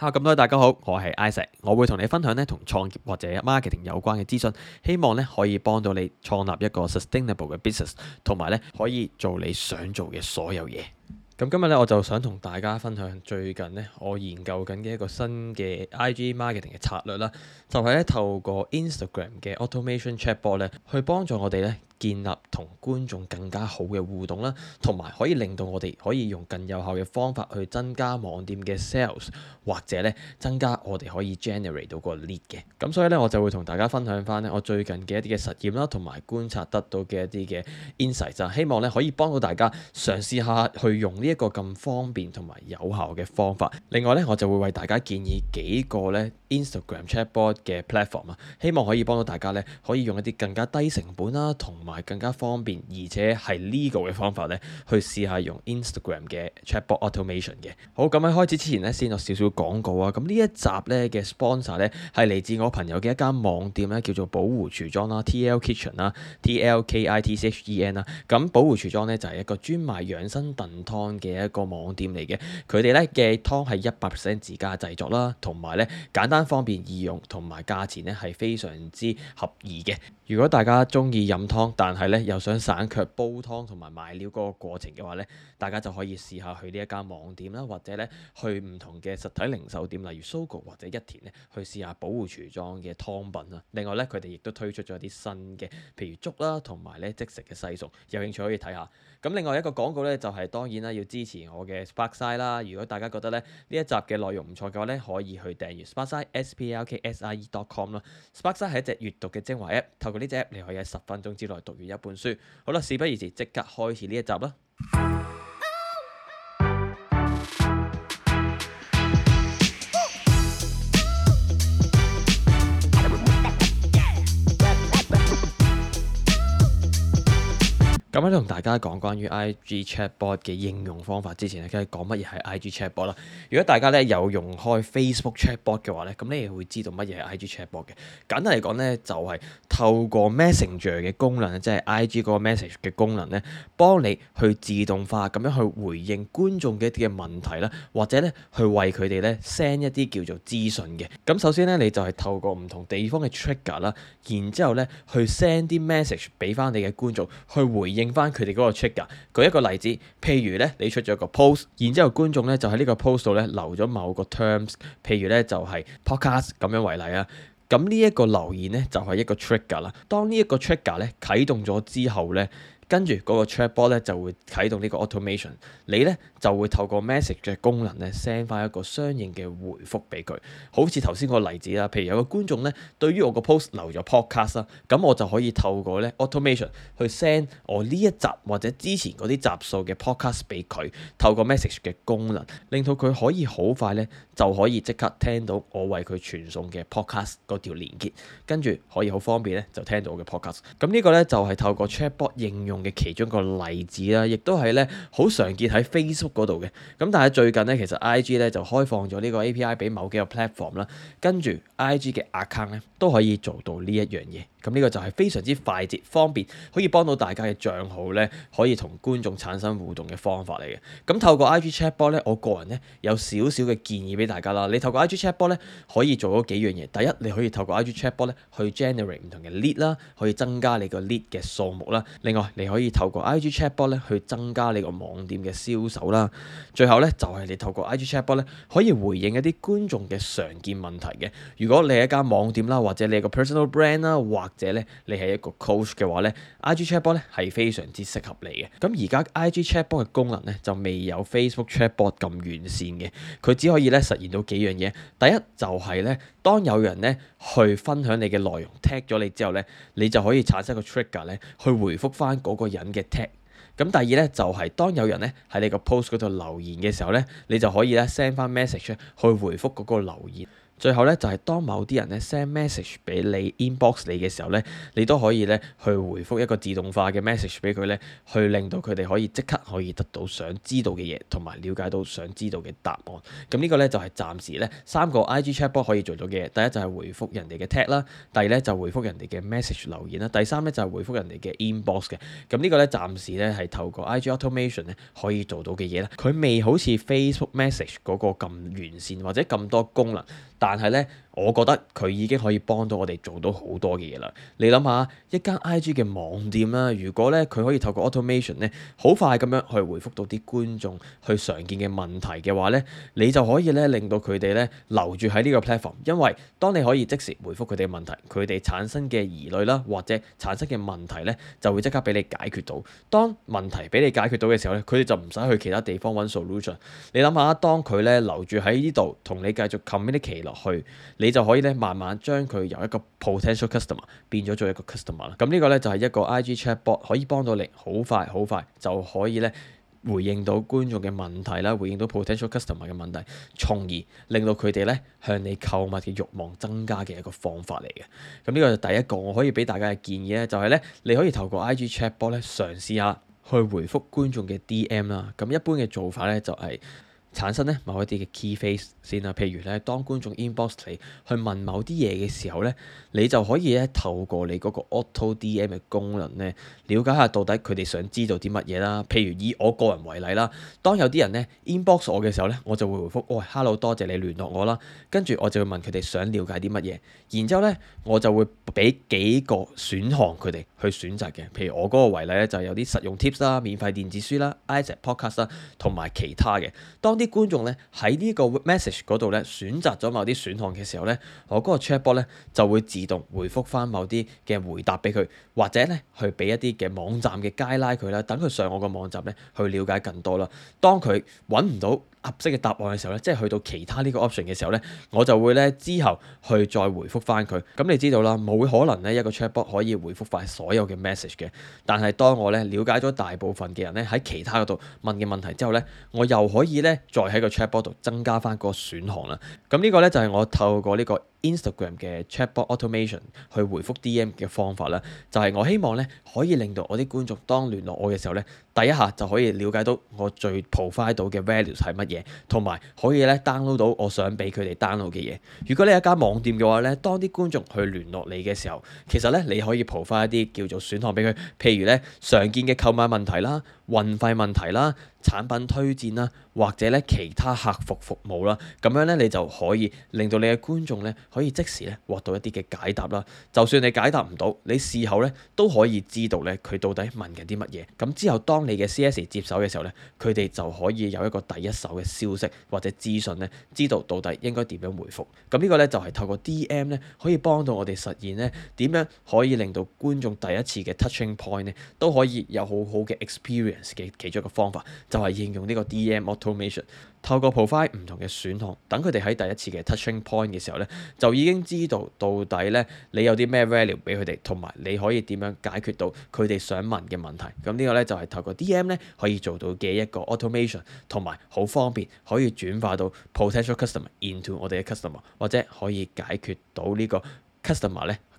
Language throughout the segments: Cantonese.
好，咁多位大家好，我係 Isaac，我會同你分享咧，同創業或者 marketing 有關嘅資訊，希望咧，可以幫到你創立一個 sustainable 嘅 business，同埋咧，可以做你想做嘅所有嘢。咁今日咧，我就想同大家分享最近咧，我研究緊嘅一個新嘅 IG marketing 嘅策略啦，就係咧，透過 Instagram 嘅 Automation Chatbot 咧去幫助我哋咧。建立同觀眾更加好嘅互動啦，同埋可以令到我哋可以用更有效嘅方法去增加網店嘅 sales，或者呢增加我哋可以 generate 到個 lead 嘅。咁所以呢，我就會同大家分享返呢我最近嘅一啲嘅實驗啦，同埋觀察得到嘅一啲嘅 insight，就希望呢可以幫到大家嘗試下去用呢一個咁方便同埋有效嘅方法。另外呢，我就會為大家建議幾個呢。Instagram chatbot 嘅 platform 啊，希望可以幫到大家咧，可以用一啲更加低成本啦，同埋更加方便，而且係 legal 嘅方法咧，去試下用 Instagram 嘅 chatbot automation 嘅。好，咁喺開始之前咧，先做少少廣告啊。咁呢一集咧嘅 sponsor 咧係嚟自我朋友嘅一間網店咧，叫做寶湖廚莊啦，TL Kitchen 啦，TLKITCHEN 啦。咁寶湖廚莊咧就係一個專賣養生燉湯嘅一個網店嚟嘅。佢哋咧嘅湯係一百 percent 自家製作啦，同埋咧簡單。方便易用，同埋價錢咧係非常之合宜嘅。如果大家鍾意飲湯，但係咧又想省卻煲湯同埋買料嗰個過程嘅話咧，大家就可以試下去呢一間網店啦，或者咧去唔同嘅實體零售店，例如 Sogo 或者一田咧，去試下保護廚裝嘅湯品啊。另外咧，佢哋亦都推出咗啲新嘅，譬如粥啦，同埋咧即食嘅西餸，有興趣可以睇下。咁另外一個廣告咧，就係當然啦，要支持我嘅 Sparksine 啦。如果大家覺得咧呢一集嘅內容唔錯嘅話咧，可以去訂閱 Sparksine s p l k s i e dot com 啦。Sparksine 係一隻閱讀嘅精華 App，透過呢隻 App 你可以喺十分鐘之內讀完一本書。好啦，事不宜遲，即刻開始呢一集啦！咁樣同大家講關於 IG chatbot 嘅應用方法之前咧，梗係講乜嘢係 IG chatbot 啦。如果大家咧有用開 Facebook chatbot 嘅話咧，咁你會知道乜嘢係 IG chatbot 嘅。簡單嚟講咧，就係透過 Messenger 嘅功能咧，即係 IG 嗰個 message 嘅功能咧，幫你去自動化咁樣去回應觀眾嘅一啲嘅問題啦，或者咧去為佢哋咧 send 一啲叫做資訊嘅。咁首先咧，你就係透過唔同地方嘅 trigger 啦，然之後咧去 send 啲 message 俾翻你嘅觀眾去回應。翻佢哋嗰個 trigger。Trigger，舉一個例子，譬如咧你出咗個 post，然之後觀眾咧就喺呢個 post 度咧留咗某個 terms，譬如咧就係 podcast 咁樣為例啊。咁呢一個留言咧就係一個 trigger 啦。當呢一個 trigger 咧啟動咗之後咧。跟住嗰個 Chatbot 咧就會啟動呢個 automation，你咧就會透過 message 嘅功能咧 send 翻一個相應嘅回覆俾佢，好似頭先個例子啦，譬如有個觀眾咧對於我個 post 留咗 podcast 啦，咁我就可以透過咧 automation 去 send 我呢一集或者之前啲集數嘅 podcast 俾佢，透過 message 嘅功能，令到佢可以好快咧就可以即刻聽到我為佢傳送嘅 podcast 嗰條連結，跟住可以好方便咧就聽到我嘅 podcast，咁呢個咧就係透過 Chatbot 應用。嘅其中一個例子啦，亦都係咧好常見喺 Facebook 嗰度嘅。咁但係最近咧，其實 IG 咧就開放咗呢個 API 畀某幾個 platform 啦，跟住 IG 嘅 account 咧都可以做到呢一樣嘢。咁呢個就係非常之快捷方便，可以幫到大家嘅賬號呢，可以同觀眾產生互動嘅方法嚟嘅。咁透過 IG chatbot 咧，我個人呢有少少嘅建議俾大家啦。你透過 IG chatbot 咧，可以做嗰幾樣嘢。第一，你可以透過 IG chatbot 咧去 generate 唔同嘅 lead 啦，可以增加你個 lead 嘅數目啦。另外，你可以透過 IG chatbot 咧去增加你個網店嘅銷售啦。最後呢，就係你透過 IG chatbot 咧可以回應一啲觀眾嘅常見問題嘅。如果你係一間網店啦，或者你係個 personal brand 啦，或者咧，你係一個 coach 嘅話咧，IG chatbot 咧係非常之適合你嘅。咁而家 IG chatbot 嘅功能咧就未有 Facebook chatbot 咁完善嘅，佢只可以咧實現到幾樣嘢。第一就係咧，當有人咧去分享你嘅內容 tag 咗你之後咧，你就可以產生個 trigger 咧去回覆翻嗰個人嘅 tag。咁第二咧就係當有人咧喺你個 post 嗰度留言嘅時候咧，你就可以咧 send 翻 message 去回覆嗰個留言。最後咧，就係當某啲人咧 send message 俾你 inbox 你嘅時候咧，你都可以咧去回覆一個自動化嘅 message 俾佢咧，去令到佢哋可以即刻可以得到想知道嘅嘢，同埋了解到想知道嘅答案。咁呢個咧就係暫時咧三個 IG chatbot 可以做到嘅嘢。第一就係回覆人哋嘅 tag 啦，第二咧就回覆人哋嘅 message 留言啦，第三咧就係回覆人哋嘅 inbox 嘅。咁呢個咧暫時咧係透過 IG automation 咧可以做到嘅嘢啦。佢未好似 Facebook message 嗰個咁完善或者咁多功能，但但係咧，我覺得佢已經可以幫到我哋做到好多嘅嘢啦。你諗下，一間 IG 嘅網店啦，如果咧佢可以透過 automation 咧，好快咁樣去回覆到啲觀眾去常見嘅問題嘅話咧，你就可以咧令到佢哋咧留住喺呢個 platform。因為當你可以即時回覆佢哋嘅問題，佢哋產生嘅疑慮啦，或者產生嘅問題咧，就會即刻俾你解決到。當問題俾你解決到嘅時候咧，佢哋就唔使去其他地方揾 solution。你諗下，當佢咧留住喺呢度同你繼續 communicate 落去，你就可以咧，慢慢將佢由一個 potential customer 變咗做一個 customer 啦。咁呢個咧就係一個 IG chatbot 可以幫到你，好快好快就可以咧回應到觀眾嘅問題啦，回應到 potential customer 嘅問題，從而令到佢哋咧向你購物嘅慾望增加嘅一個方法嚟嘅。咁呢個係第一個我可以俾大家嘅建議咧，就係咧你可以透過 IG chatbot 咧嘗試下去回覆觀眾嘅 DM 啦。咁一般嘅做法咧就係。產生咧某一啲嘅 key face 先啦，譬如咧當觀眾 inbox 你去問某啲嘢嘅時候咧，你就可以咧透過你嗰個 auto DM 嘅功能咧，了解下到底佢哋想知道啲乜嘢啦。譬如以我個人為例啦，當有啲人咧 inbox 我嘅時候咧，我就會回覆：喂、哦、Hello，多謝你聯絡我啦。跟住我就會問佢哋想了解啲乜嘢，然之後咧我就會俾幾個選項佢哋去選擇嘅。譬如我嗰個為例咧，就有啲實用 tips 啦、免費電子書啦、Iset podcast 啦，同埋其他嘅。當啲觀眾咧喺呢個 message 嗰度咧選擇咗某啲選項嘅時候咧，我嗰個 chatbot 咧就會自動回覆翻某啲嘅回答俾佢，或者咧去俾一啲嘅網站嘅街拉佢啦，等佢上我個網站咧去了解更多啦。當佢揾唔到合適嘅答案嘅時候咧，即係去到其他呢個 option 嘅時候咧，我就會咧之後去再回覆翻佢。咁你知道啦，冇可能咧一個 chatbot 可以回覆翻所有嘅 message 嘅。但係當我咧了解咗大部分嘅人咧喺其他嗰度問嘅問題之後咧，我又可以咧。再喺個 chatbot 度增加翻個選項啦，咁呢個咧就係我透過呢個 Instagram 嘅 Chatbot Automation 去回覆 DM 嘅方法啦，就係、是、我希望咧可以令到我啲觀眾當聯絡我嘅時候咧，第一下就可以了解到我最 provide 到嘅 value 係乜嘢，同埋可以咧 download 到我想俾佢哋 download 嘅嘢。如果你有一間網店嘅話咧，當啲觀眾去聯絡你嘅時候，其實咧你可以 provide 一啲叫做選項俾佢，譬如咧常見嘅購買問題啦、運費問題啦、產品推薦啦，或者咧其他客服服務啦，咁樣咧你就可以令到你嘅觀眾咧。可以即時咧獲到一啲嘅解答啦，就算你解答唔到，你事後咧都可以知道咧佢到底問緊啲乜嘢。咁之後當你嘅 CS 接手嘅時候咧，佢哋就可以有一個第一手嘅消息或者資訊咧，知道到底應該點樣回覆。咁呢個咧就係透過 DM 咧可以幫到我哋實現咧點樣可以令到觀眾第一次嘅 touching point 咧都可以有好好嘅 experience 嘅其中一個方法，就係應用呢個 DM automation。透過 provide 唔同嘅選項，等佢哋喺第一次嘅 touching point 嘅時候咧，就已經知道到底咧你有啲咩 value 俾佢哋，同埋你可以點樣解決到佢哋想問嘅問題。咁呢個咧就係、是、透過 DM 咧可以做到嘅一個 automation，同埋好方便可以轉化到 potential customer into 我哋嘅 customer，或者可以解決到呢個 customer 咧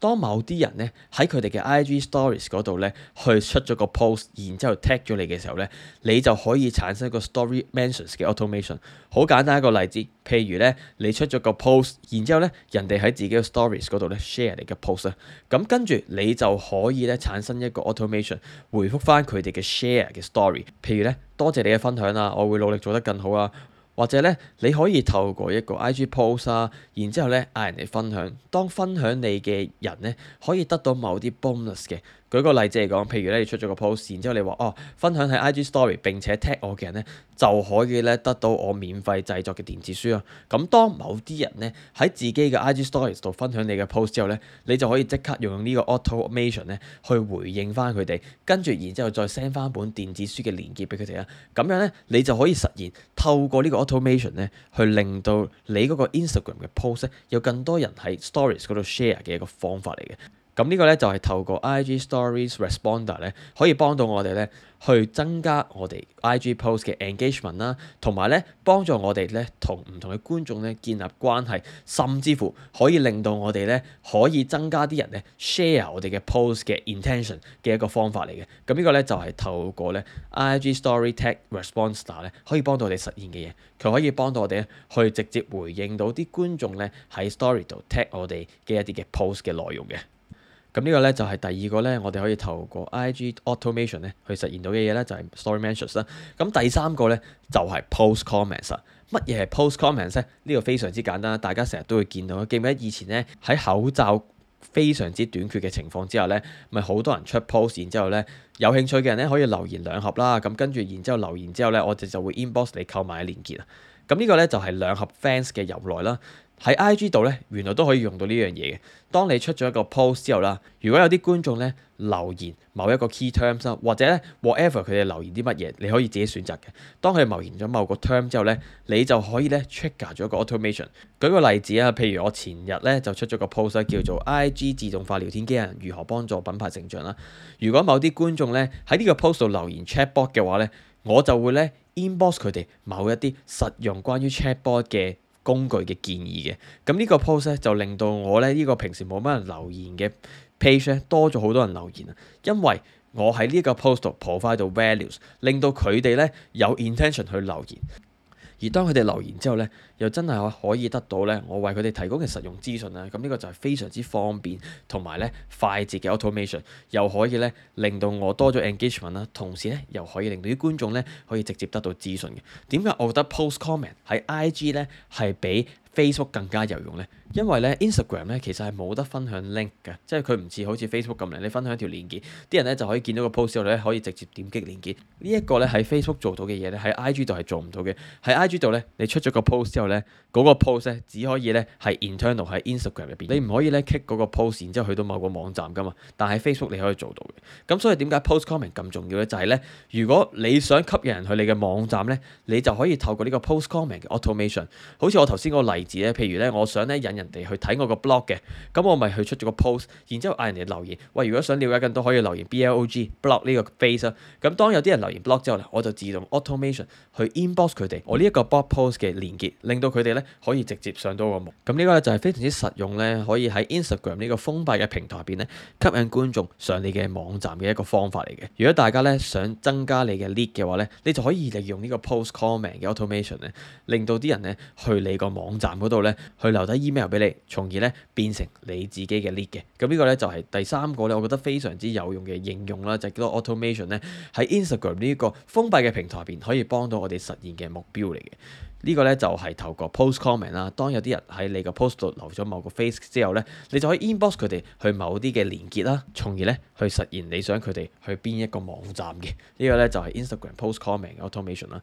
當某啲人呢喺佢哋嘅 IG Stories 嗰度呢，去出咗個 post，然之後 tag 咗你嘅時候呢，你就可以產生一個 story mentions 嘅 automation。好簡單一個例子，譬如呢你出咗個 post，然之後呢人哋喺自己嘅 Stories 嗰度呢 share 你嘅 post 啦，咁跟住你就可以呢產生一個 automation 回覆返佢哋嘅 share 嘅 story。譬如呢，多謝你嘅分享啦，我會努力做得更好啊！或者咧，你可以透過一個 IG post 啊，然之後咧，嗌人哋分享。當分享你嘅人咧，可以得到某啲 bonus 嘅。舉個例子嚟講，譬如咧你出咗個 post，然之後你話哦，分享喺 IG Story 並且 tag 我嘅人咧，就可以咧得到我免費製作嘅電子書啊。咁當某啲人咧喺自己嘅 IG Stories 度分享你嘅 post 之後咧，你就可以即刻用呢個 automation 咧去回應翻佢哋，跟住然之後再 send 翻本電子書嘅連結俾佢哋啊。咁樣咧，你就可以實現透過呢個 automation 咧去令到你嗰個 Instagram 嘅 post 有更多人喺 Stories 嗰度 share 嘅一個方法嚟嘅。咁呢個咧就係透過 I G Stories Responder 咧，可以幫到我哋咧去增加我哋 I G Post 嘅 Engagement 啦，同埋咧幫助我哋咧同唔同嘅觀眾咧建立關係，甚至乎可以令到我哋咧可以增加啲人咧 Share 我哋嘅 Post 嘅 Intention 嘅一個方法嚟嘅。咁呢個咧就係透過咧 I G Story Tag Responder 咧，可以幫到我哋實現嘅嘢，佢可以幫到我哋咧去直接回應到啲觀眾咧喺 Story 度 Tag 我哋嘅一啲嘅 Post 嘅內容嘅。咁呢個呢，就係第二個呢。我哋可以透過 IG automation 呢去實現到嘅嘢呢，就係、是、story mentions 啦。咁第三個呢，就係 post comments 啦。乜嘢係 post comments 呢？呢個非常之簡單，大家成日都會見到啦。記唔記得以前呢，喺口罩非常之短缺嘅情況之下呢，咪好多人出 post，然之後呢，有興趣嘅人呢可以留言兩盒啦。咁跟住，然之後留言之後呢，我哋就會 inbox 你購買嘅鏈結啊。咁、這、呢個呢，就係兩盒 fans 嘅由來啦。喺 IG 度咧，原來都可以用到呢樣嘢嘅。當你出咗一個 post 之後啦，如果有啲觀眾咧留言某一個 key terms 啦，或者咧 whatever 佢哋留言啲乜嘢，你可以自己選擇嘅。當佢哋留言咗某個 term 之後咧，你就可以咧 trigger 咗一個 automation。舉個例子啊，譬如我前日咧就出咗個 post 啦，叫做 IG 自動化聊天機器人如何幫助品牌成長啦。如果某啲觀眾咧喺呢個 post 度留言 chatbot 嘅話咧，我就會咧 inbox 佢哋某一啲實用關於 chatbot 嘅工具嘅建議嘅，咁呢個 post 咧就令到我咧呢個平時冇乜人留言嘅 page 咧多咗好多人留言啊，因為我喺呢一個 post 度 provide 到 values，令到佢哋咧有 intention 去留言。而當佢哋留言之後咧，又真係可可以得到咧，我為佢哋提供嘅實用資訊啊！咁、這、呢個就係非常之方便同埋咧快捷嘅 automation，又可以咧令到我多咗 engagement 啦，同時咧又可以令到啲觀眾咧可以直接得到資訊嘅。點解我覺得 post comment 喺 IG 咧係比 Facebook 更加有用咧？因為咧 Instagram 咧其實係冇得分享 link 嘅，即係佢唔似好似 Facebook 咁靈，你分享一條鏈結，啲人咧就可以見到個 post 之後咧可以直接點擊鏈結。這個、呢一個咧喺 Facebook 做到嘅嘢咧喺 IG 度係做唔到嘅。喺 IG 度咧你出咗個 post 之後咧嗰、那個 post 咧只可以咧係 internal 喺 Instagram 入邊，你唔可以咧 click 嗰個 post 然之後去到某個網站噶嘛。但係 Facebook 你可以做到嘅。咁所以點解 post comment 咁重要咧？就係、是、咧如果你想吸引人去你嘅網站咧，你就可以透過呢個 post comment 嘅 automation。好似我頭先嗰個例子咧，譬如咧我想咧引。人哋去睇我個 blog 嘅，咁我咪去出咗個 post，然之後嗌人哋留言。喂，如果想了解更多，可以留言 BL blog 呢個 face 啦。咁當有啲人留言 blog 之後呢，我就自動 automation 去 inbox 佢哋，我呢一個 blog post 嘅連結，令到佢哋呢可以直接上到個目。咁呢個呢就係、是、非常之實用呢，可以喺 Instagram 呢個封閉嘅平台入邊呢吸引觀眾上你嘅網站嘅一個方法嚟嘅。如果大家呢想增加你嘅 lead 嘅話呢，你就可以利用呢個 post comment 嘅 automation 呢，令到啲人呢去你個網站嗰度呢去留低 email。俾你，從而咧變成你自己嘅 lead 嘅。咁呢個咧就係第三個咧，我覺得非常之有用嘅應用啦，就叫做 automation 咧，喺 Instagram 呢個封閉嘅平台入邊，可以幫到我哋實現嘅目標嚟嘅。呢個咧就係透過 post comment 啦，當有啲人喺你個 post 度留咗某個 face 之後咧，你就可以 inbox 佢哋去某啲嘅連結啦，從而咧去實現你想佢哋去邊一個網站嘅。呢個咧就係 Instagram post comment 嘅 automation 啦。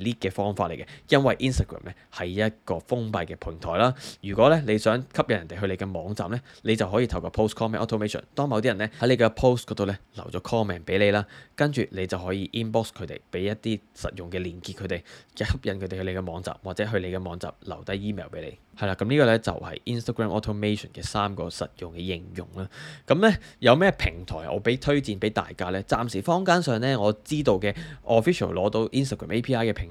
lead 嘅方法嚟嘅，因為 Instagram 咧係一個封閉嘅平台啦。如果咧你想吸引人哋去你嘅網站咧，你就可以透過 Post Comment Automation。當某啲人咧喺你嘅 Post 度咧留咗 Comment 俾你啦，跟住你就可以 inbox 佢哋，俾一啲實用嘅連結佢哋，吸引佢哋去你嘅網站，或者去你嘅網站留低 email 俾你。係啦，咁、嗯這個、呢個咧就係、是、Instagram Automation 嘅三個實用嘅應用啦。咁、嗯、咧有咩平台我俾推薦俾大家咧？暫時坊間上咧我知道嘅 official 攞到 Instagram API 嘅平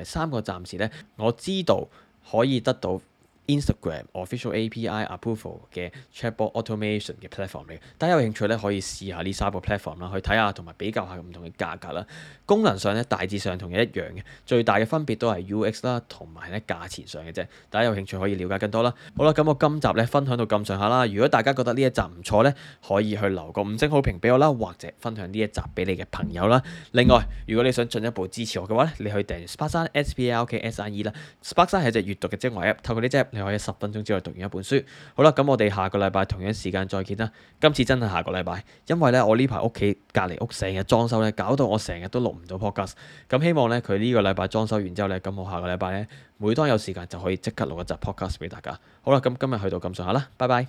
三個暫時咧，我知道可以得到 Instagram official API approval 嘅 Chatbot Automation 嘅 platform 嚟嘅，大家有興趣咧可以試下呢三個 platform 啦，去睇下同埋比較下唔同嘅價格啦。功能上咧大致上同樣一樣嘅，最大嘅分別都係 UX 啦同埋咧價錢上嘅啫。大家有興趣可以了解更多啦。好啦，咁我今集咧分享到咁上下啦。如果大家覺得呢一集唔錯咧，可以去留個五星好評俾我啦，或者分享呢一集俾你嘅朋友啦。另外，如果你想進一步支持我嘅話咧，你去訂閱 Spark 山 S P L K S R E 啦。Spark 山係隻閲讀嘅精華 app，透過呢隻。又可以十分鐘之內讀完一本書。好啦，咁我哋下個禮拜同樣時間再見啦。今次真係下個禮拜，因為呢我呢排屋企隔籬屋成日裝修呢，搞到我成日都錄唔到 podcast。咁希望呢，佢呢個禮拜裝修完之後呢，咁我下個禮拜呢，每當有時間就可以即刻錄一集 podcast 俾大家。好啦，咁今日去到咁上下啦，拜拜。